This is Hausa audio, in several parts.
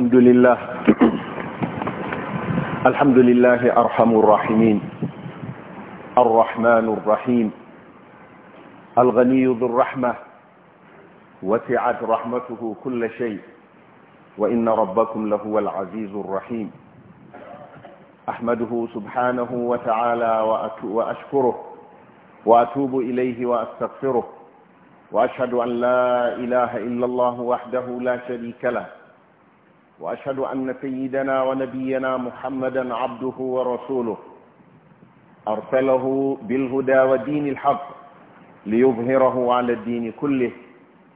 الحمد لله الحمد لله أرحم الراحمين الرحمن الرحيم الغني ذو الرحمة وسعت رحمته كل شيء وإن ربكم لهو العزيز الرحيم أحمده سبحانه وتعالى وأشكره وأتوب إليه وأستغفره وأشهد أن لا إله إلا الله وحده لا شريك له واشهد ان سيدنا ونبينا محمدا عبده ورسوله ارسله بالهدى ودين الحق ليظهره على الدين كله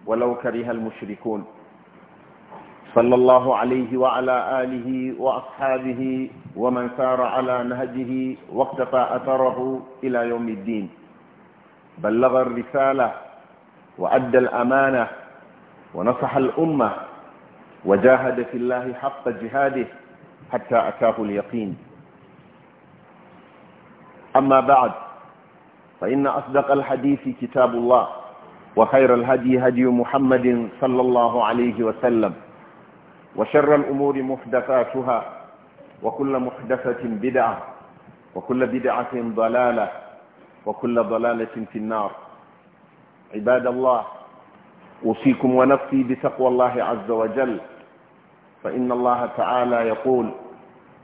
ولو كره المشركون صلى الله عليه وعلى اله واصحابه ومن سار على نهجه واقتفى اثره الى يوم الدين بلغ الرساله وادى الامانه ونصح الامه وجاهد في الله حق جهاده حتى أتاه اليقين أما بعد فإن أصدق الحديث كتاب الله وخير الهدي هدي محمد صلى الله عليه وسلم وشر الأمور محدثاتها وكل محدثة بدعة وكل بدعة ضلالة وكل ضلالة في النار عباد الله أوصيكم ونفسي بتقوى الله عز وجل فإن الله تعالى يقول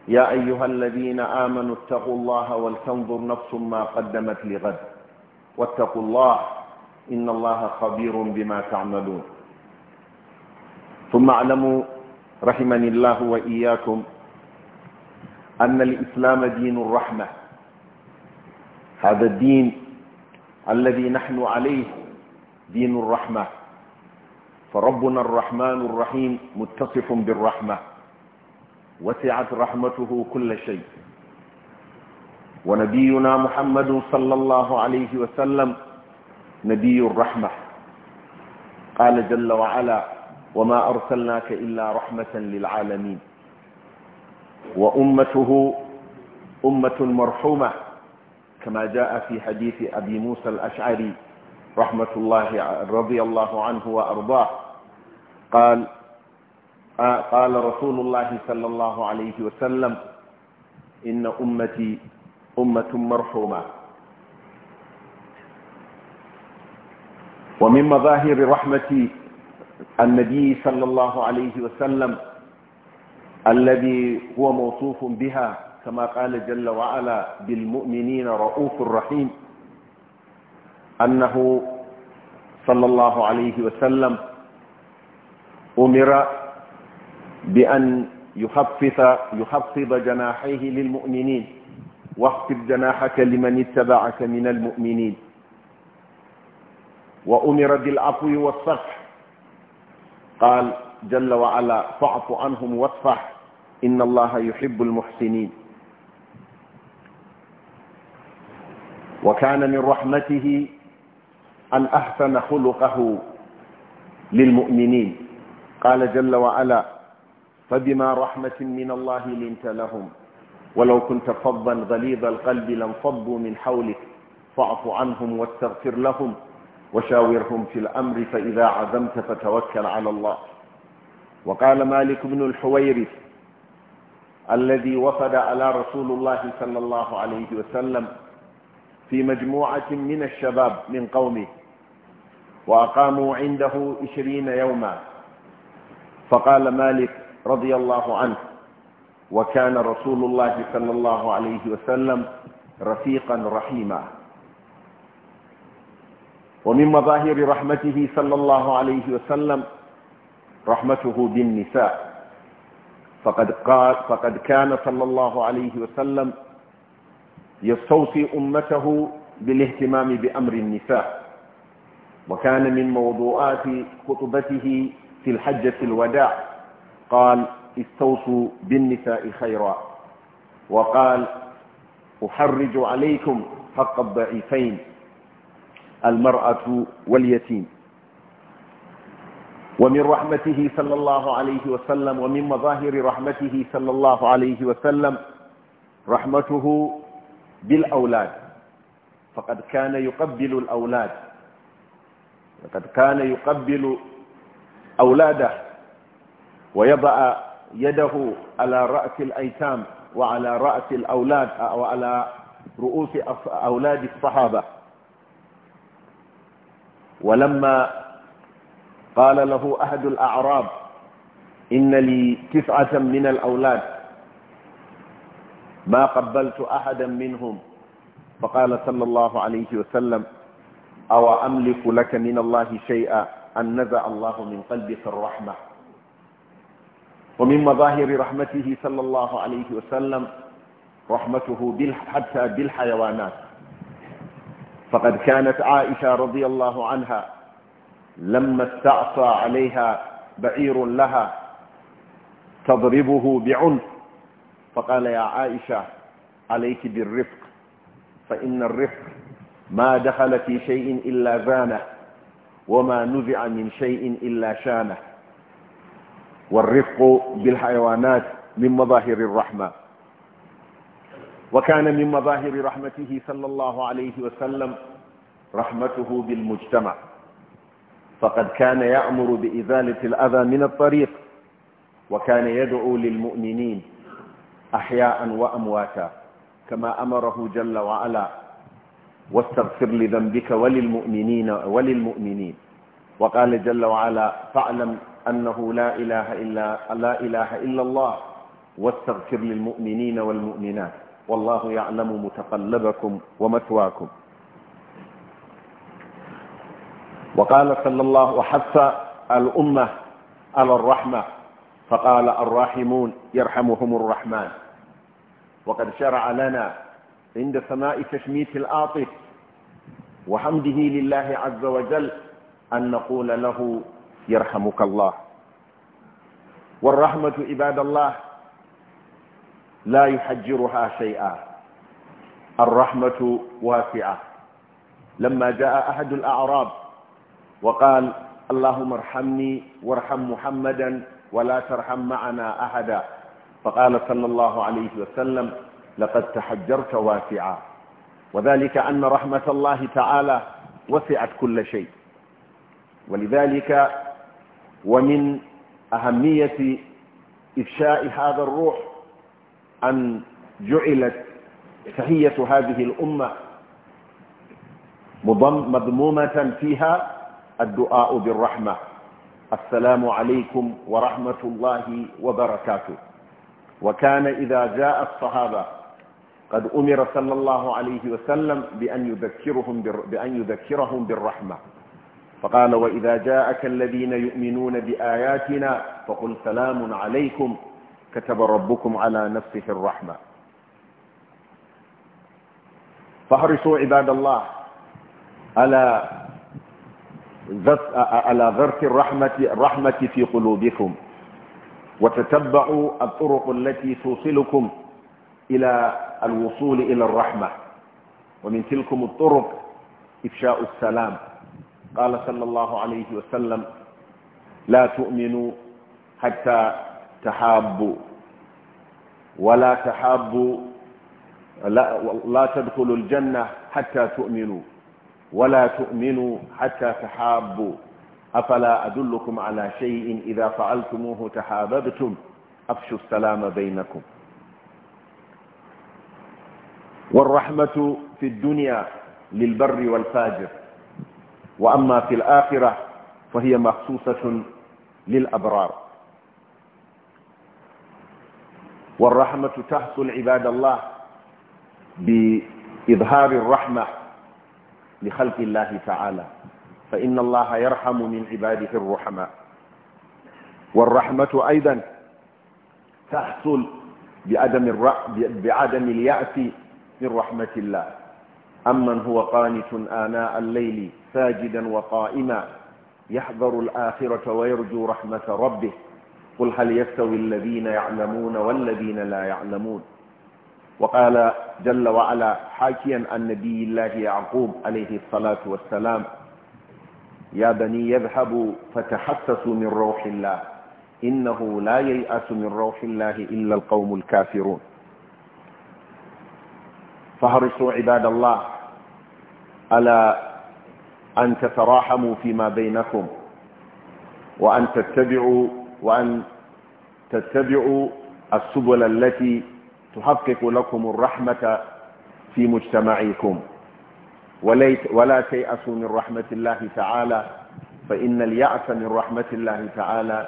يا أيها الذين آمنوا اتقوا الله ولتنظر نفس ما قدمت لغد واتقوا الله إن الله خبير بما تعملون ثم اعلموا رحمني الله وإياكم أن الإسلام دين الرحمة هذا الدين الذي نحن عليه دين الرحمة فربنا الرحمن الرحيم متصف بالرحمة وسعت رحمته كل شيء ونبينا محمد صلى الله عليه وسلم نبي الرحمة قال جل وعلا وما أرسلناك إلا رحمة للعالمين وأمته أمة مرحومة كما جاء في حديث أبي موسى الأشعري رحمة الله رضي الله عنه وأرضاه قال قال رسول الله صلى الله عليه وسلم إن أمتي أمة مرحومة ومن مظاهر رحمة النبي صلى الله عليه وسلم الذي هو موصوف بها كما قال جل وعلا بالمؤمنين رؤوف رحيم أنه صلى الله عليه وسلم أمر بأن يخفف يخفض جناحيه للمؤمنين واخفض جناحك لمن اتبعك من المؤمنين وأمر بالعفو والصفح قال جل وعلا فاعف عنهم واصفح إن الله يحب المحسنين وكان من رحمته أن أحسن خلقه للمؤمنين قال جل وعلا فبما رحمة من الله لنت لهم ولو كنت فظا غليظ القلب لانفضوا من حولك فاعف عنهم واستغفر لهم وشاورهم في الأمر فإذا عزمت فتوكل على الله وقال مالك بن الحويرث الذي وفد على رسول الله صلى الله عليه وسلم في مجموعة من الشباب من قومه وأقاموا عنده عشرين يوما فقال مالك رضي الله عنه وكان رسول الله صلى الله عليه وسلم رفيقا رحيما ومن مظاهر رحمته صلى الله عليه وسلم رحمته بالنساء فقد قال فقد كان صلى الله عليه وسلم يستوصي امته بالاهتمام بامر النساء وكان من موضوعات خطبته في الحجة الوداع قال استوصوا بالنساء خيرا وقال أحرج عليكم حق الضعيفين المرأة واليتيم ومن رحمته صلى الله عليه وسلم ومن مظاهر رحمته صلى الله عليه وسلم رحمته بالأولاد فقد كان يقبل الأولاد لقد كان يقبل أولاده ويضع يده على رأس الأيتام وعلى رأس الأولاد وعلى رؤوس أولاد الصحابة ولما قال له أحد الأعراب إن لي تسعة من الأولاد ما قبلت أحدا منهم فقال صلى الله عليه وسلم أو أملك لك من الله شيئا أن نزع الله من قلبك الرحمة ومن مظاهر رحمته صلى الله عليه وسلم رحمته حتى بالحيوانات فقد كانت عائشة رضي الله عنها لما استعصى عليها بعير لها تضربه بعنف فقال يا عائشة عليك بالرفق فإن الرفق ما دخل في شيء إلا زانه وما نزع من شيء إلا شانه والرفق بالحيوانات من مظاهر الرحمة وكان من مظاهر رحمته صلى الله عليه وسلم رحمته بالمجتمع فقد كان يأمر بإزالة الأذى من الطريق وكان يدعو للمؤمنين أحياء وأمواتا كما أمره جل وعلا واستغفر لذنبك وللمؤمنين وللمؤمنين وقال جل وعلا فاعلم أنه لا إله إلا, لا إله إلا الله واستغفر للمؤمنين والمؤمنات والله يعلم متقلبكم ومثواكم وقال صلى الله وحث الأمة على الرحمة فقال الراحمون يرحمهم الرحمن وقد شرع لنا عند سماء تشميت الآطف وحمده لله عز وجل أن نقول له يرحمك الله والرحمة عباد الله لا يحجرها شيئا الرحمة واسعة لما جاء أحد الأعراب وقال اللهم ارحمني وارحم محمدا ولا ترحم معنا أحدا فقال صلى الله عليه وسلم لقد تحجرت واسعا وذلك أن رحمة الله تعالى وسعت كل شيء ولذلك ومن أهمية إفشاء هذا الروح أن جعلت تحية هذه الأمة مضمومة فيها الدعاء بالرحمة السلام عليكم ورحمة الله وبركاته وكان إذا جاء الصحابة قد أمر صلى الله عليه وسلم بأن يذكرهم, بأن يذكرهم بالرحمة فقال وإذا جاءك الذين يؤمنون بآياتنا فقل سلام عليكم كتب ربكم على نفسه الرحمة فاحرصوا عباد الله على على ذرك الرحمة, الرحمة في قلوبكم وتتبعوا الطرق التي توصلكم إلى الوصول إلى الرحمة ومن تلكم الطرق إفشاء السلام قال صلى الله عليه وسلم لا تؤمنوا حتى تحابوا ولا تحابوا لا, لا تدخلوا الجنة حتى تؤمنوا ولا تؤمنوا حتى تحابوا أفلا أدلكم على شيء إذا فعلتموه تحاببتم أفشوا السلام بينكم والرحمة في الدنيا للبر والفاجر وأما في الآخرة فهي مخصوصة للأبرار والرحمة تحصل عباد الله بإظهار الرحمة لخلق الله تعالى فإن الله يرحم من عباده الرحماء والرحمة أيضا تحصل بعدم, بعدم اليأس من رحمة الله أمن هو قانت آناء الليل ساجدا وقائما يحذر الآخرة ويرجو رحمة ربه قل هل يستوي الذين يعلمون والذين لا يعلمون وقال جل وعلا حاكيا عن نبي الله يعقوب عليه الصلاة والسلام يا بني يذهبوا فتحسسوا من روح الله إنه لا ييأس من روح الله إلا القوم الكافرون فهرسوا عباد الله على أن تتراحموا فيما بينكم وأن تتبعوا وأن تتبعوا السبل التي تحقق لكم الرحمة في مجتمعكم ولا تيأسوا من رحمة الله تعالى فإن اليأس من رحمة الله تعالى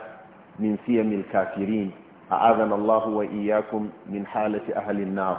من سيم الكافرين أعاذنا الله وإياكم من حالة أهل النار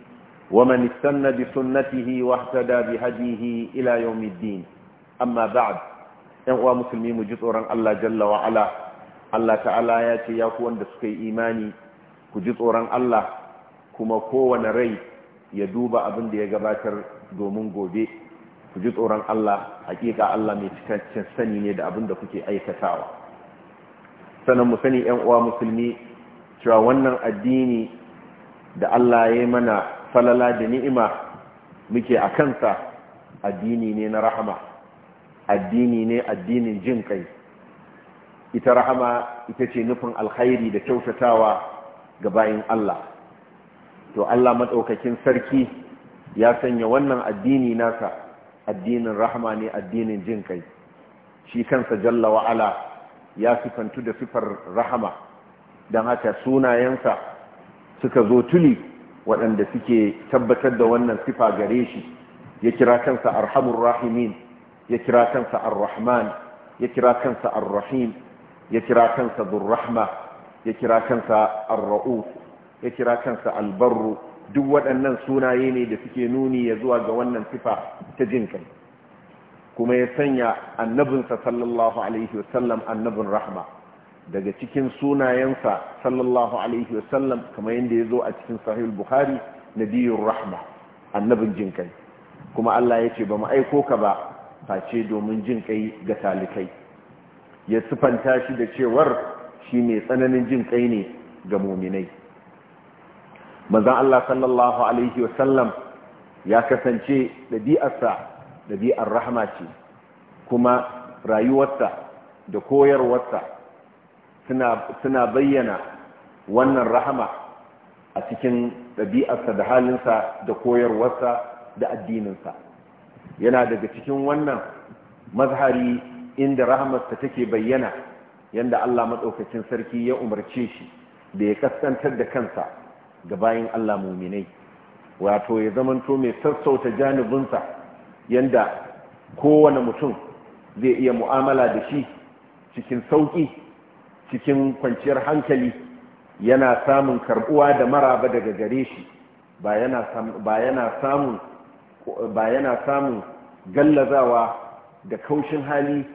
ومن استنى بسنته واهتدى بهديه الى يوم الدين اما بعد ينقوى مسلمين جزء الله جل وعلا الله تعالى ياتي يقوى أن تسكي إيماني كجزء الله كما قوة نري يدوب أبن دي يقباتر دومون قودي كجزء الله حقيقه الله مي تكاتشن ميتكاتشن سنين يد أبن دكتي أي كتاوة سنة مسلمين ينقوى مسلمين شوى wannan addini da Allah ya yi mana falala da ni'ima muke a kansa addini ne na rahama addini ne addinin jin kai ita rahama ita ce nufin alkhairi da kyautatawa ga bayin Allah to Allah madaukakin sarki ya sanya wannan addini nasa addinin rahama ne addinin jin kai shi kansa jalla wa'ala ya sifantu da sifar rahama don haka sunayensa suka zo tuli waɗanda suke tabbatar da wannan sifa gare shi ya kira kansa arhamur rahimin ya kira kansa arrahman ya kira kansa arrahim ya kira kansa durrahma ya kira kansa ar ya kira kansa albarru duk waɗannan sunaye ne da suke nuni ya zuwa ga wannan sifa ta jin kai kuma ya sanya annabinsa sallallahu alaihi wasallam annabin rahma daga cikin sunayensa sallallahu alaihi wasallam kamar yadda ya zo a cikin sahih bukhari nabiyur rahma annabin jin kai kuma Allah ya ce ba mu aiko ka ba face domin jin kai ga talikai ya sifanta shi da cewar shi mai tsananin jin kai ne ga muminai manzon Allah sallallahu alaihi wasallam ya kasance ɗabi'arsa ɗabi'ar rahma ce kuma rayuwarsa da koyarwarsa suna bayyana wannan rahama a cikin ɗabi'arsa da halinsa da koyarwarsa da addininsa yana daga cikin wannan mazhari inda rahamarsa take bayyana yadda Allah maɗaukacin sarki ya umarce shi da ya kaskantar da kansa ga bayan Allah muminai wato ya zamanto mai sassauta janibinsa yadda kowane mutum zai iya mu'amala da shi cikin sauƙi cikin kwanciyar hankali yana samun karbuwa da maraba daga gare shi ba yana samun gallazawa da kaushin hali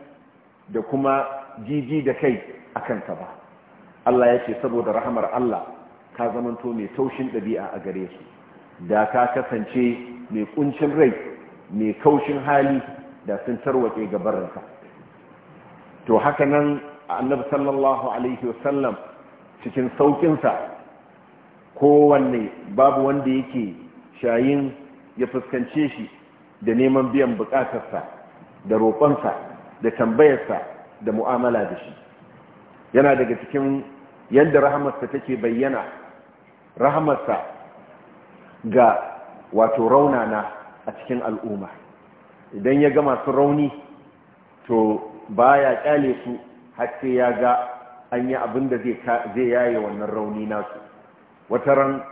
da kuma jiji da kai a kanta ba Allah ya ce saboda rahamar Allah ka zamanto mai taushin ɗabi'a a gare su da ka kasance mai kuncin rai mai kaushin hali da sun tarwatse gabarinka to haka nan annabi sallallahu alaihi wasallam cikin saukinsa kowanne babu wanda yake shayin ya fuskance shi da neman biyan bukatarsa da roƙonsa da tambayarsa da mu'amala da shi yana daga cikin yadda rahamarsa take bayyana rahamarsa ga wato raunana a cikin al'umma idan ya ga masu rauni to baya kyale su hatta ya ga an yi abin da zai yaye wannan rauni nasu wata ran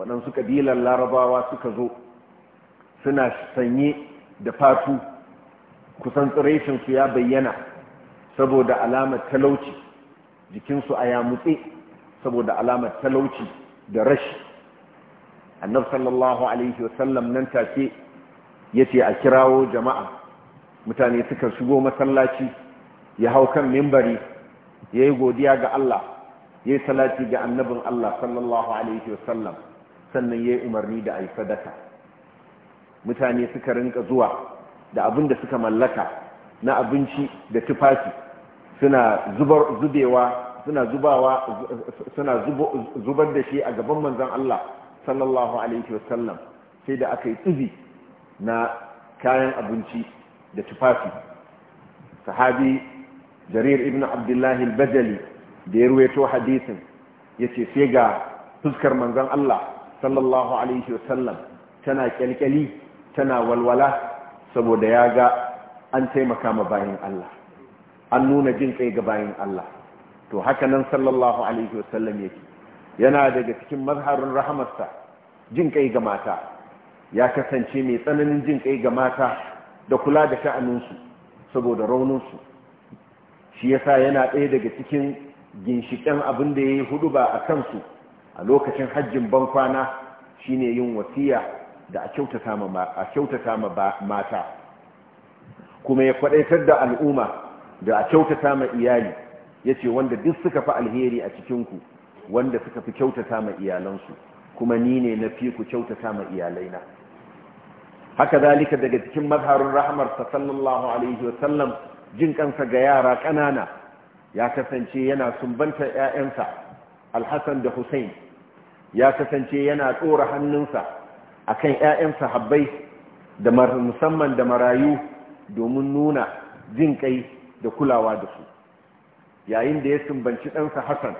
waɗansu ƙabilan larabawa suka zo suna sanye da fatu kusan su ya bayyana saboda alamar talauci jikinsu a yamutse saboda alamar talauci da rashi annab sallallahu alaihi wasallam nan take ya ce a kirawo jama'a mutane suka shigo masallaci ya hau kan mimbari ya yi godiya ga Allah ya yi salati ga annabin Allah sallallahu alaihi wasallam sannan ya yi umarni da aifa mutane suka rinka zuwa da abin da suka mallaka na abinci da tufafi suna zubar zubewa suna zubawa suna zubar da shi a gaban manzon Allah sallallahu alaihi wasallam sai da aka yi tsubi na kayan abinci da tufafi sahabi jarir ibn abdullahi al-bajali da ya ruwaito hadisin yace sai ga fuskar manzon Allah sallallahu alaihi sallam, tana kyalkyali tana walwala saboda ya ga an taimaka ma bayin Allah an nuna jin kai ga bayin Allah to haka nan sallallahu alaihi wasallam yake yana daga cikin mazharin rahamarsa jin kai ga mata ya kasance mai tsananin jin kai ga mata da kula da sha'aninsu saboda rauninsu shi yasa yana ɗaya daga cikin ginshiƙen abin da ya yi hudu ba a kansu a lokacin hajjin ban kwana shine yin wasiya da a kyautata ma mata kuma ya kwaɗaitar da al'umma da a kyautata ma iyali ya ce wanda duk suka fi alheri a cikinku wanda suka fi kyautata ma iyalansu kuma ni ne na fi ku kyautata ma iyalaina haka zalika daga cikin mazharin rahmar sallallahu alaihi wasallam jin kansa ga yara ƙanana ya kasance yana sumbanta ‘ya'yansa alhassan da hussein ya kasance yana tsora hannunsa a kan ‘ya'yansa habbai da musamman da marayu domin nuna jin kai da kulawa da su yayin da ya sumbanci ɗansa hassan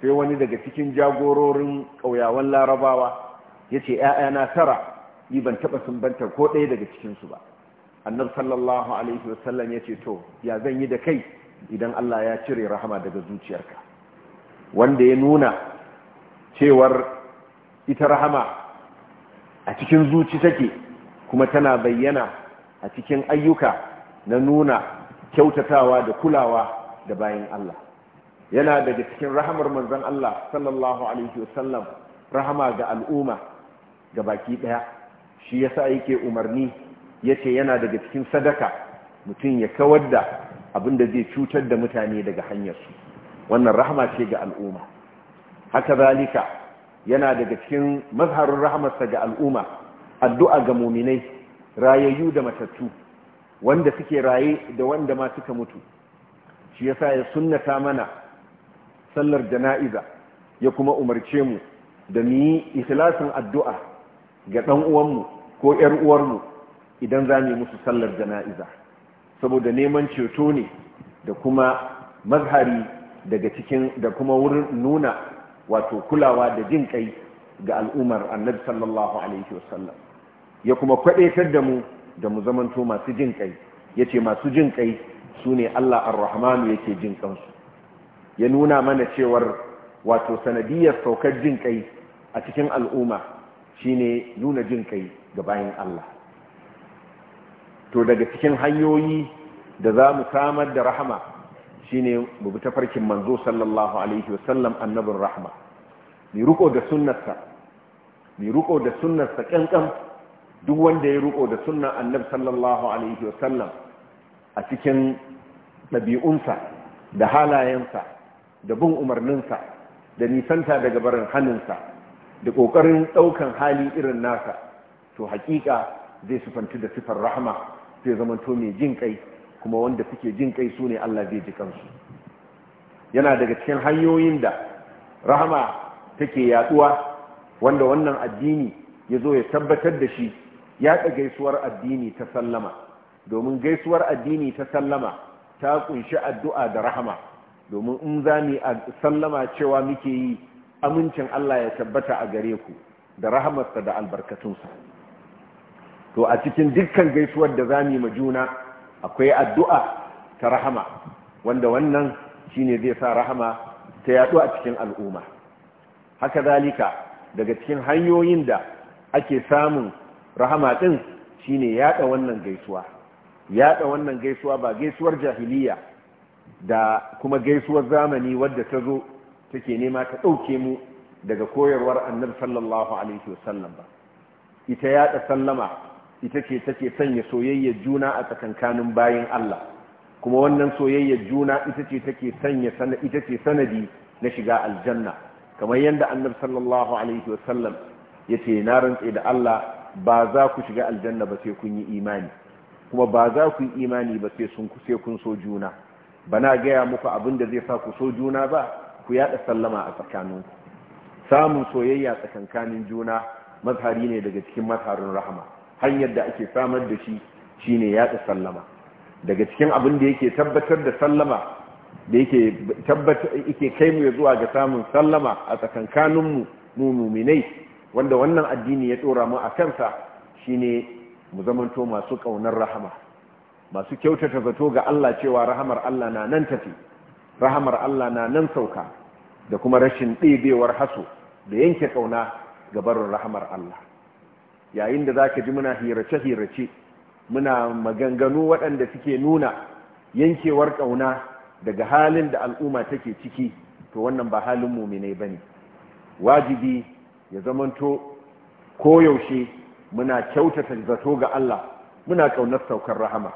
sai wani daga cikin jagororin ƙauyawan larabawa ya ce ‘ya'yana tara ni ban taɓa sumbantar ko ɗaya daga cikinsu ba annab sallallahu alaihi wasallam ya ce to ya zan yi da kai idan Allah ya cire rahama daga zuciyarka wanda ya nuna cewar ita rahama a cikin zuci take kuma tana bayyana a cikin ayyuka na nuna kyautatawa da kulawa da bayan Allah yana daga cikin rahamar manzan Allah sallallahu alaihi wasallam rahama ga al'umma ga baki daya shi yasa yake umarni ya ce yana daga cikin sadaka mutum ya kawar da abin da zai cutar da mutane daga hanyarsu wannan rahama ce ga al'umma haka zalika yana daga cikin mazharin rahamarsa ga al'umma addu'a ga muminai rayayyu da matattu wanda suke raye da wanda ma suka mutu shi yasa ya sunnata mana sallar jana'iza ya kuma umarce mu da mu yi ikhlasin addu'a ga dan uwanmu ko ƴar uwarmu idan za mu musu sallar jana'iza saboda neman ceto ne da kuma mazhari daga cikin da kuma wurin nuna wato kulawa da jin kai ga al'ummar annabi sallallahu alaihi wasallam ya kuma kwadaitar da mu da mu zamanto masu jin kai yace masu jin kai sune Allah ar-Rahmanu yake jin kansu ya nuna mana cewar wato sanadiyar saukar jin kai a cikin al'umma shine nuna jin kai ga bayin Allah to daga cikin hanyoyi da za mu samar da rahama shine mu bi ta farkin manzo sallallahu alaihi wasallam annabin rahama ni ruko da sunnarsa ni ruko da sunnarsa kankan duk wanda ya ruko da sunnar annab sallallahu alaihi wasallam a cikin ɗabi'unsa da halayensa da bin umarninsa da nisanta daga barin hannunsa da ƙoƙarin ɗaukan hali irin nasa to haƙiƙa zai sufanci da sifar rahama zama zamanto mai jin kai kuma wanda suke jin kai su ne Allah zai ji kansu yana daga cikin hanyoyin da rahama take yaduwa wanda wannan addini ya zo ya tabbatar da shi ya gaisuwar addini ta sallama domin gaisuwar addini ta sallama ta kunshi addu'a da rahama domin in za mu sallama cewa muke yi amincin Allah ya tabbata a gare ku da rahamarsa da albarkatunsa to a cikin dukkan gaisuwar da zamu ma juna akwai addu'a ta rahama wanda wannan shine zai sa rahama ta yadu a cikin al'umma haka zalika daga cikin hanyoyin da ake samun rahama din shine yada wannan gaisuwa yada wannan gaisuwa ba gaisuwar jahiliya da kuma gaisuwar zamani wadda ta zo take nema ta dauke mu daga koyarwar annabi sallallahu alaihi wasallam ba ita yada sallama ita ce take sanya soyayyar juna a tsakankanin bayan Allah kuma wannan soyayyar juna ita ce take sanya ita ce sanadi na shiga aljanna kamar yadda annabi sallallahu alaihi wasallam yace na rantse da Allah ba za ku shiga aljanna ba sai kun yi imani kuma ba za ku yi imani ba sai sun sai kun so juna bana gaya muku abin da zai sa ku so juna ba ku yada sallama a tsakaninku samun soyayya tsakankanin juna mazhari ne daga cikin mazharin rahama hanyar da ake samar da shi shine yaɗa sallama daga cikin abin da yake tabbatar da sallama da yake tabbatar yake kai mu zuwa ga samun sallama a tsakankanin mu muminai wanda wannan addini ya tsora mu a kansa shine mu zamanto masu kaunar rahama masu kyautata zato ga Allah cewa rahamar Allah na nan tafi rahamar Allah na nan sauka da kuma rashin ɗebewar haso da yanke ƙauna ga barin rahamar Allah yayin da za ka ji muna hirace-hirace muna maganganu waɗanda suke nuna yankewar ƙauna daga halin da al'umma take ciki to wannan ba halin muminai ne. wajibi ya zamanto koyaushe muna kyautata zato ga Allah muna ƙaunar saukar rahama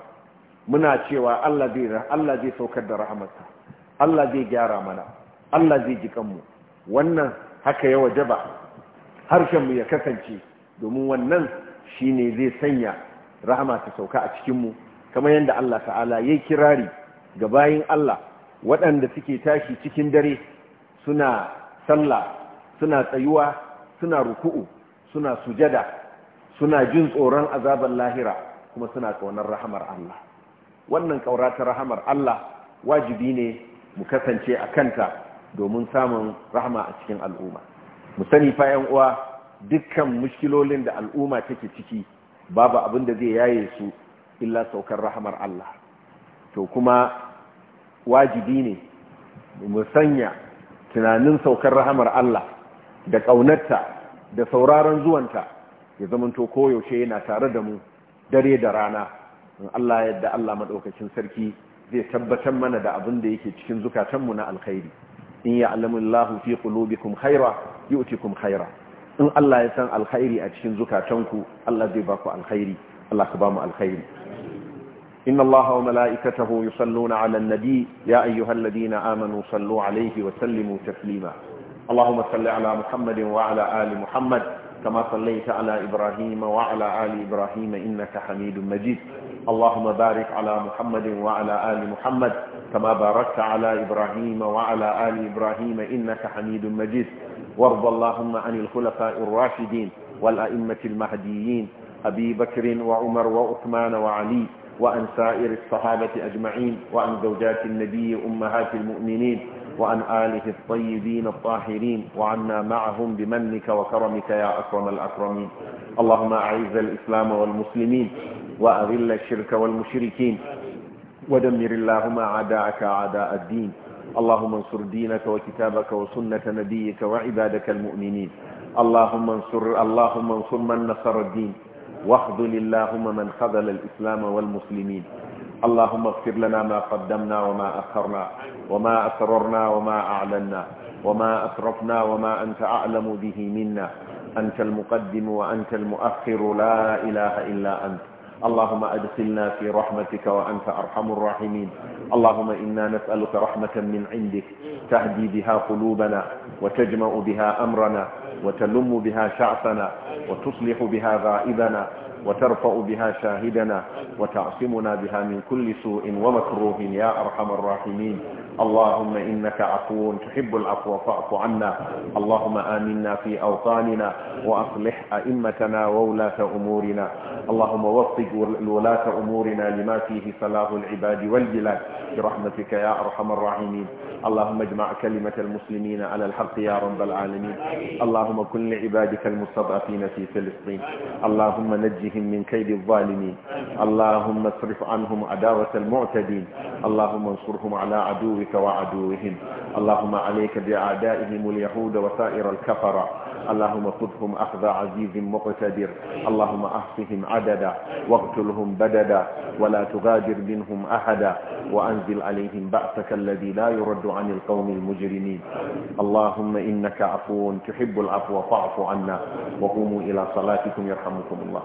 muna cewa Allah zai Allah zai saukar da rahamarsa Allah zai gyara mana Allah zai ji kanmu wannan haka ya wajaba harshen mu ya kasance domin wannan shi ne zai sanya rahama ta sauka a cikinmu kamar yadda Allah ta'ala ya kirari ga bayin Allah waɗanda suke tashi cikin dare suna sallah suna tsayuwa suna ruku'u suna sujada suna jin tsoron azabar lahira kuma suna ƙaunar rahamar Allah wannan ƙaura ta rahamar Allah wajibi ne mu kasance a kanta domin samun rahama a cikin al'umma mu sani fa 'yan uwa dukkan mushkilolin da al'umma take ciki babu abin da zai yaye su illa saukar rahamar Allah to kuma wajibi ne mu sanya tunanin saukar rahamar Allah da ƙaunarta da sauraron zuwanta ya zamanto koyaushe yana tare da mu dare da rana in Allah yadda Allah maɗaukacin sarki zai tabbatar mana da abin da yake cikin zukatanmu na alkhairi in ya Allahu fi qulubikum khaira yu'tikum khaira in Allah ya san alkhairi a cikin zukatanku Allah zai ba ku alkhairi Allah ka ba mu alkhairi inna Allah wa mala'ikatahu yusalluna 'ala an-nabi ya ayyuhalladhina amanu sallu 'alayhi wa sallimu taslima Allahumma salli 'ala Muhammad wa ali Muhammad kama sallaita 'ala Ibrahim wa ali Ibrahim innaka Hamidum Majid Allahumma barik 'ala Muhammad wa ali Muhammad kama barakta 'ala Ibrahim wa ali Ibrahim innaka Hamidum Majid وارض اللهم عن الخلفاء الراشدين والأئمة المهديين أبي بكر وعمر وعثمان وعلي وأن سائر الصحابة أجمعين وأن زوجات النبي أمهات المؤمنين وأن آله الطيبين الطاهرين وعنا معهم بمنك وكرمك يا أكرم الأكرمين اللهم أعز الإسلام والمسلمين وأذل الشرك والمشركين ودمر اللهم أعداءك أعداء الدين اللهم انصر دينك وكتابك وسنة نبيك وعبادك المؤمنين اللهم انصر اللهم انصر من نصر الدين واخذل اللهم من خذل الإسلام والمسلمين اللهم اغفر لنا ما قدمنا وما أخرنا وما أسررنا وما أعلنا وما أسرفنا وما أنت أعلم به منا أنت المقدم وأنت المؤخر لا إله إلا أنت اللهم أدخلنا في رحمتك وأنت أرحم الراحمين اللهم إنا نسألك رحمة من عندك تهدي بها قلوبنا وتجمع بها أمرنا وتلم بها شعثنا وتصلح بها غائبنا وترفع بها شاهدنا وتعصمنا بها من كل سوء ومكروه يا أرحم الراحمين اللهم إنك عفو تحب العفو فاعف عنا اللهم آمنا في أوطاننا وأصلح أئمتنا وولاة أمورنا اللهم وفق ولاة أمورنا لما فيه صلاح العباد والبلاد برحمتك يا أرحم الراحمين اللهم اجمع كلمة المسلمين على الحق يا رب العالمين اللهم كن لعبادك المستضعفين في فلسطين اللهم نجهم من كيد الظالمين اللهم اصرف عنهم عداوة المعتدين اللهم انصرهم على عدوهم عدوك وعدوهم اللهم عليك بأعدائهم اليهود وسائر الكفرة اللهم خذهم أخذ عزيز مقتدر اللهم أحصهم عددا واقتلهم بددا ولا تغادر منهم أحدا وأنزل عليهم بأسك الذي لا يرد عن القوم المجرمين اللهم إنك عفو تحب العفو فاعف عنا وقوموا إلى صلاتكم يرحمكم الله